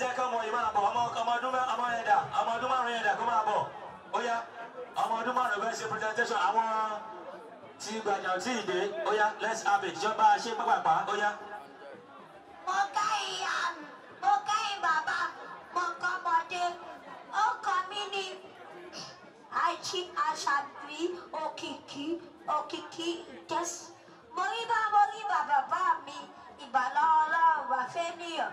jẹ́ kọ́mọ yìí máa bọ̀ ọmọ ọdún ẹ̀dá ọmọ ọdún márùn-ún ẹ̀dá kó máa bọ̀ ó yá ọmọ ọdún márùn-ún ṣe presentation àwọn tí gbàjà tí ì dé let's have it jọba ṣe pápápá ó yá. mo kẹ́yìn mo kẹ́yìn bàbá mo kọ́mọdé ó kọ́ mi ní àìjí àṣàbí òkìkí òkìkí ìjẹ́sí mo rí bá mo rí bàbá mi ìbàlọ́ ọlọ́run wà fẹ́ níyàn.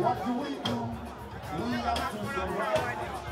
What do we do? We have to survive.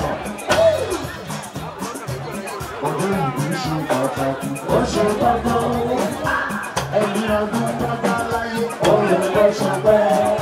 oh, the you the light, only